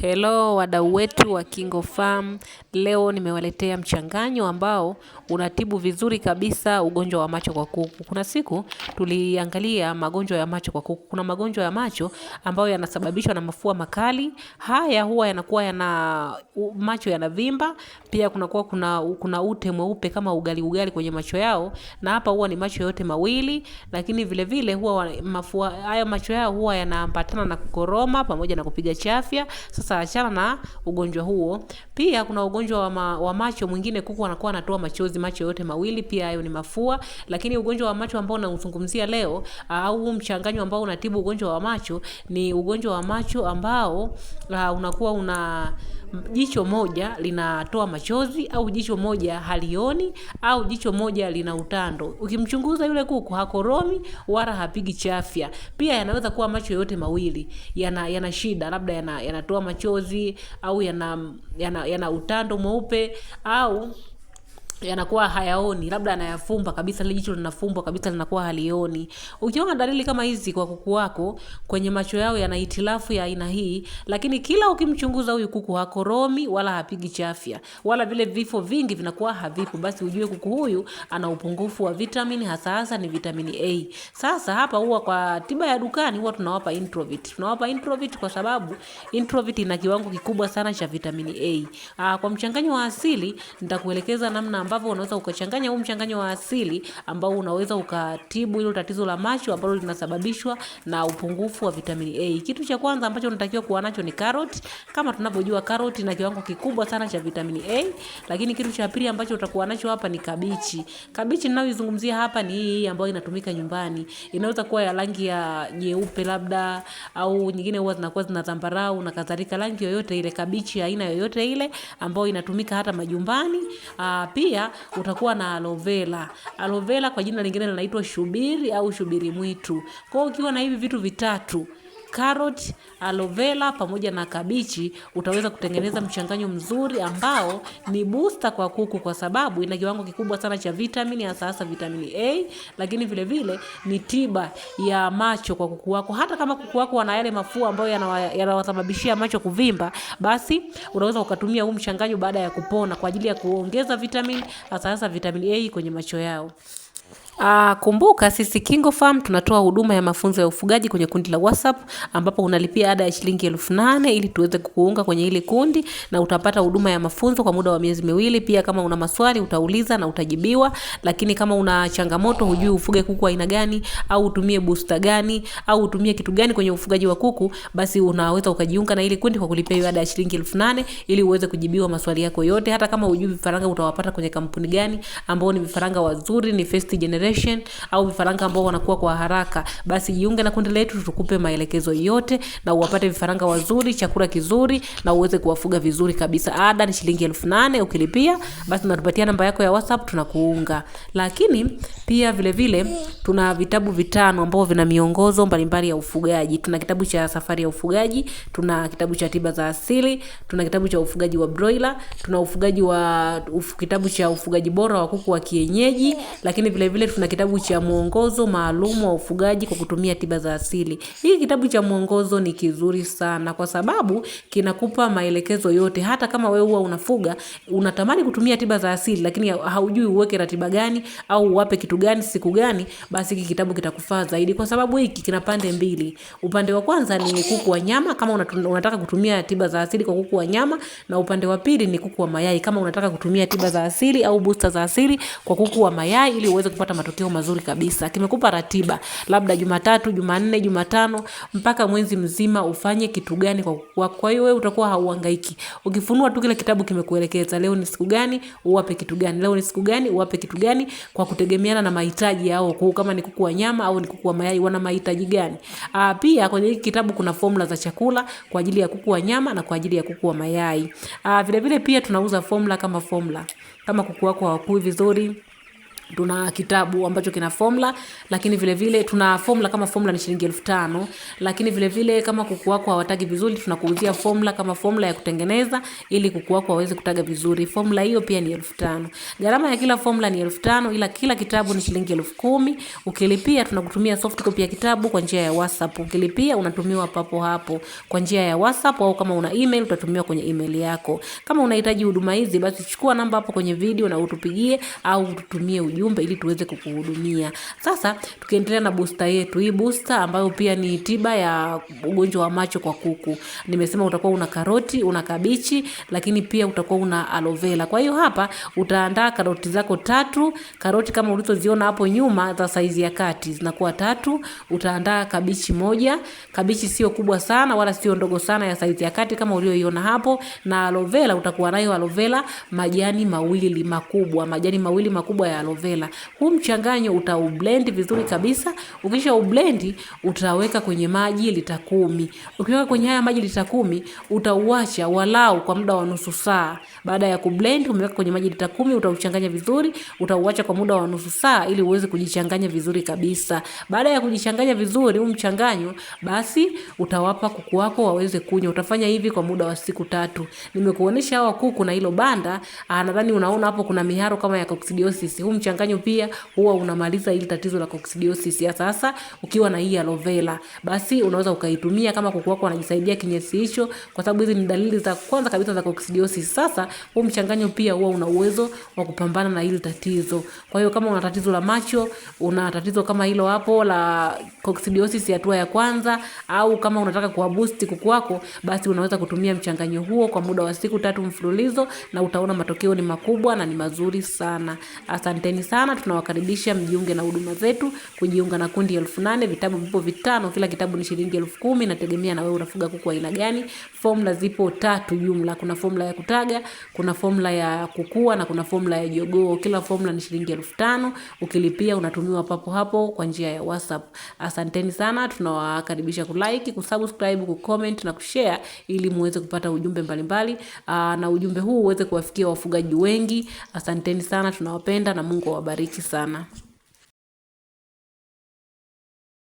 Hello wadau wetu wa Kingo Farm, leo nimewaletea mchanganyo ambao unatibu vizuri kabisa ugonjwa wa macho kwa kuku. Kuna siku tuliangalia magonjwa ya macho kwa kuku. Kuna magonjwa ya macho ambayo yanasababishwa na mafua makali. Haya huwa yanakuwa yana macho yanavimba, pia kunakuwa kuna, kuna ute mweupe kama ugali ugali kwenye macho yao, na hapa huwa ni macho yote mawili, lakini vile vile huwa mafua haya macho yao huwa yanaambatana na kukoroma pamoja na kupiga chafya. Sasa achana na ugonjwa huo. Pia kuna ugonjwa wa, ma, wa macho mwingine, kuku anakuwa anatoa machozi macho yote mawili, pia hayo ni mafua. Lakini ugonjwa wa macho ambao nauzungumzia leo au mchanganyo ambao unatibu ugonjwa wa macho ni ugonjwa wa macho ambao uh, unakuwa una jicho moja linatoa machozi au jicho moja halioni au jicho moja lina utando. Ukimchunguza yule kuku hakoromi wala hapigi chafya. Pia yanaweza kuwa macho yote mawili yana yana shida, labda yana, yanatoa machozi au yana, yana, yana utando mweupe au yanakuwa hayaoni, labda anayafumba kabisa, lile jicho linafumbwa kabisa, linakuwa halioni. Ukiona dalili kama hizi kwa kuku wako, kwenye macho yao yana hitilafu ya aina hii, lakini kila ukimchunguza huyu kuku hakoromi wala hapigi chafya wala vile vifo vingi vinakuwa havipo, basi ujue kuku huyu ana upungufu wa vitamini, hasa hasa ni vitamini A. Sasa hapa huwa kwa tiba ya dukani huwa tunawapa Introvit, tunawapa Introvit kwa sababu Introvit ina kiwango kikubwa sana cha vitamini A. Aa, ah, kwa mchanganyo wa asili nitakuelekeza namna ambavyo unaweza ukachanganya huu mchanganyo wa asili ambao unaweza ukatibu hilo tatizo la macho ambalo linasababishwa na upungufu wa vitamini A. Kitu cha kwanza ambacho unatakiwa kuwa nacho ni carrot. Kama tunavyojua carrot ina kiwango kikubwa sana cha vitamini A, lakini kitu cha pili ambacho utakuwa nacho hapa ni kabichi. Kabichi ninayoizungumzia hapa ni hii ambayo inatumika nyumbani. Inaweza kuwa ya rangi ya nyeupe labda au nyingine huwa zinakuwa zina zambarau na kadhalika, rangi yoyote ile, kabichi aina yoyote ile ambayo inatumika hata majumbani. Aa, ah, pia pia utakuwa na aloe vera. Aloe vera kwa jina lingine linaitwa shubiri au shubiri mwitu. Kwa hiyo ukiwa na hivi vitu vitatu carrot, aloe vera pamoja na kabichi, utaweza kutengeneza mchanganyo mzuri ambao ni booster kwa kuku, kwa sababu ina kiwango kikubwa sana cha vitamini, hasa hasa vitamini A, lakini vile vile ni tiba ya macho kwa kuku wako. Hata kama kuku wako wana yale mafua ambayo yanawasababishia yana macho kuvimba, basi unaweza ukatumia huu mchanganyo baada ya kupona kwa ajili ya kuongeza vitamini, hasa hasa vitamini A kwenye macho yao. Uh, kumbuka sisi Kingo Farm tunatoa huduma ya mafunzo ya ufugaji kwenye kundi la WhatsApp ambapo unalipia ada ya shilingi elfu nane ili tuweze kukuunga kwenye ile kundi na utapata huduma ya mafunzo kwa muda wa miezi miwili. Pia kama una maswali utauliza na utajibiwa, lakini kama una changamoto, hujui ufuge kuku aina gani au utumie booster gani au utumie kitu gani kwenye ufugaji wa kuku, basi unaweza ukajiunga na ile kundi kwa kulipia ada ya shilingi elfu nane ili uweze kujibiwa maswali yako yote. Hata kama hujui vifaranga utawapata kwenye kampuni gani ambao ni vifaranga wazuri, ni first generation generation au vifaranga ambao wanakuwa kwa haraka, basi jiunge na kundi letu, tukupe maelekezo yote na uwapate vifaranga wazuri, chakula kizuri na uweze kuwafuga vizuri kabisa. Ada ni shilingi elfu nane ukilipia, basi unatupatia namba yako ya WhatsApp tunakuunga. Lakini pia vile vile tuna vitabu vitano ambavyo vina miongozo mbalimbali ya ufugaji. Tuna kitabu cha safari ya ufugaji, tuna kitabu cha tiba za asili, tuna kitabu cha ufugaji wa broiler, tuna ufugaji wa uf, kitabu cha ufugaji bora wa kuku wa kienyeji, lakini vile vile pia tuna kitabu cha mwongozo maalum wa ufugaji kwa kutumia tiba za asili. Hiki kitabu cha mwongozo ni kizuri sana kwa sababu kinakupa maelekezo yote. Hata kama wewe huwa unafuga, unatamani kutumia tiba za asili lakini haujui uweke ratiba gani au uwape kitu gani siku gani, basi hiki kitabu kitakufaa zaidi kwa sababu hiki kina pande mbili. Upande wa kwanza ni kuku wa nyama kama unataka kutumia tiba za asili kwa kuku wa nyama na upande wa pili ni kuku wa mayai kama unataka kutumia tiba za asili au booster za asili kwa kuku wa mayai ili uweze kupata matokeo mazuri kabisa. Kimekupa ratiba labda Jumatatu, Jumanne, Jumatano mpaka mwezi mzima ufanye kitu gani kwa kwa, kwa hiyo wewe utakuwa hauhangaiki. Ukifunua tu kile kitabu kimekuelekeza leo ni siku gani uwape kitu gani, leo ni siku gani uwape kitu gani, kwa kutegemeana na mahitaji yao, kwa kama ni kuku wa nyama au ni kuku wa mayai, wana mahitaji gani? Ah, pia kwenye hiki kitabu kuna formula za chakula kwa ajili ya kuku wa nyama na kwa ajili ya kuku wa mayai. Ah, vile vile pia tunauza formula kama formula kama kuku wako hawakui vizuri tuna kitabu ambacho kina formula, lakini vile vile tuna formula kama formula ni shilingi elfu tano lakini vile vile kama kuku wako hawatagi vizuri, tunakuuzia formula kama formula ya kutengeneza ili kuku wako waweze kutaga vizuri. Formula hiyo pia ni elfu tano Gharama ya kila formula ni elfu tano ila kila kitabu ni shilingi elfu kumi Ukilipia tunakutumia soft copy ya kitabu kwa njia ya WhatsApp. Ukilipia unatumiwa papo hapo kwa njia ya WhatsApp au kama una email utatumiwa kwenye email yako. Kama unahitaji huduma hizi, basi chukua namba hapo kwenye video na utupigie au ututumie ujumbe wajumbe ili tuweze kukuhudumia. Sasa tukiendelea na booster yetu, hii booster ambayo pia ni tiba ya ugonjwa wa macho kwa kuku, nimesema utakuwa una karoti, una kabichi, lakini pia utakuwa una aloe vera. Kwa hiyo hapa utaandaa karoti zako tatu, karoti kama ulizoziona hapo nyuma za saizi ya kati zinakuwa tatu. Utaandaa kabichi moja, kabichi sio kubwa sana wala sio ndogo sana, ya saizi ya kati kama ulioiona hapo, na aloe vera utakuwa nayo aloe vera majani mawili makubwa, majani mawili makubwa ya aloe vera mozzarella. Huu mchanganyo utaublend vizuri kabisa. Ukisha ublendi utaweka kwenye maji lita kumi. Ukiweka kwenye haya maji lita kumi, utauacha walau kwa muda wa nusu saa. Baada ya kublend umeweka kwenye maji lita kumi, utauchanganya vizuri, utauacha kwa muda wa nusu saa ili uweze kujichanganya vizuri kabisa. Baada ya kujichanganya vizuri huu mchanganyo, basi utawapa kuku wako waweze kunywa. Utafanya hivi kwa muda wa siku tatu. Nimekuonesha hawa kuku na hilo banda, ah, nadhani unaona hapo kuna miharo kama ya coccidiosis. Huu mchanganyo mchanganyo pia huwa unamaliza ile tatizo la coccidiosis. Ya Sasa ukiwa na hii aloe vera, basi unaweza ukaitumia kama kuku wako anajisaidia kinyesi hicho, kwa sababu hizi ni dalili za kwanza kabisa za coccidiosis. Sasa huu mchanganyo pia huwa una uwezo wa kupambana na ile tatizo. Kwa hiyo kama una tatizo la macho, una tatizo kama hilo hapo la coccidiosis hatua ya kwanza, au kama unataka kuwaboost kuku wako, basi unaweza kutumia mchanganyo huo kwa muda wa siku tatu mfululizo, na utaona matokeo ni makubwa na ni mazuri sana. Asanteni karibuni sana, tunawakaribisha mjiunge na huduma zetu. Kujiunga na kundi elfu nane vitabu vipo vitano, kila kitabu ni shilingi elfu kumi nategemea na wewe unafuga kuku aina gani. Formula zipo tatu jumla, kuna formula ya kutaga, kuna formula ya kukua na kuna formula ya jogoo. Kila formula ni shilingi elfu tano ukilipia unatumiwa papo hapo kwa njia ya WhatsApp. Asanteni sana, tunawakaribisha kulike, kusubscribe, kucomment na kushare ili muweze kupata ujumbe mbalimbali mbali, na ujumbe huu uweze kuwafikia wafugaji wengi. Asanteni sana, tunawapenda na Mungu wabariki sana.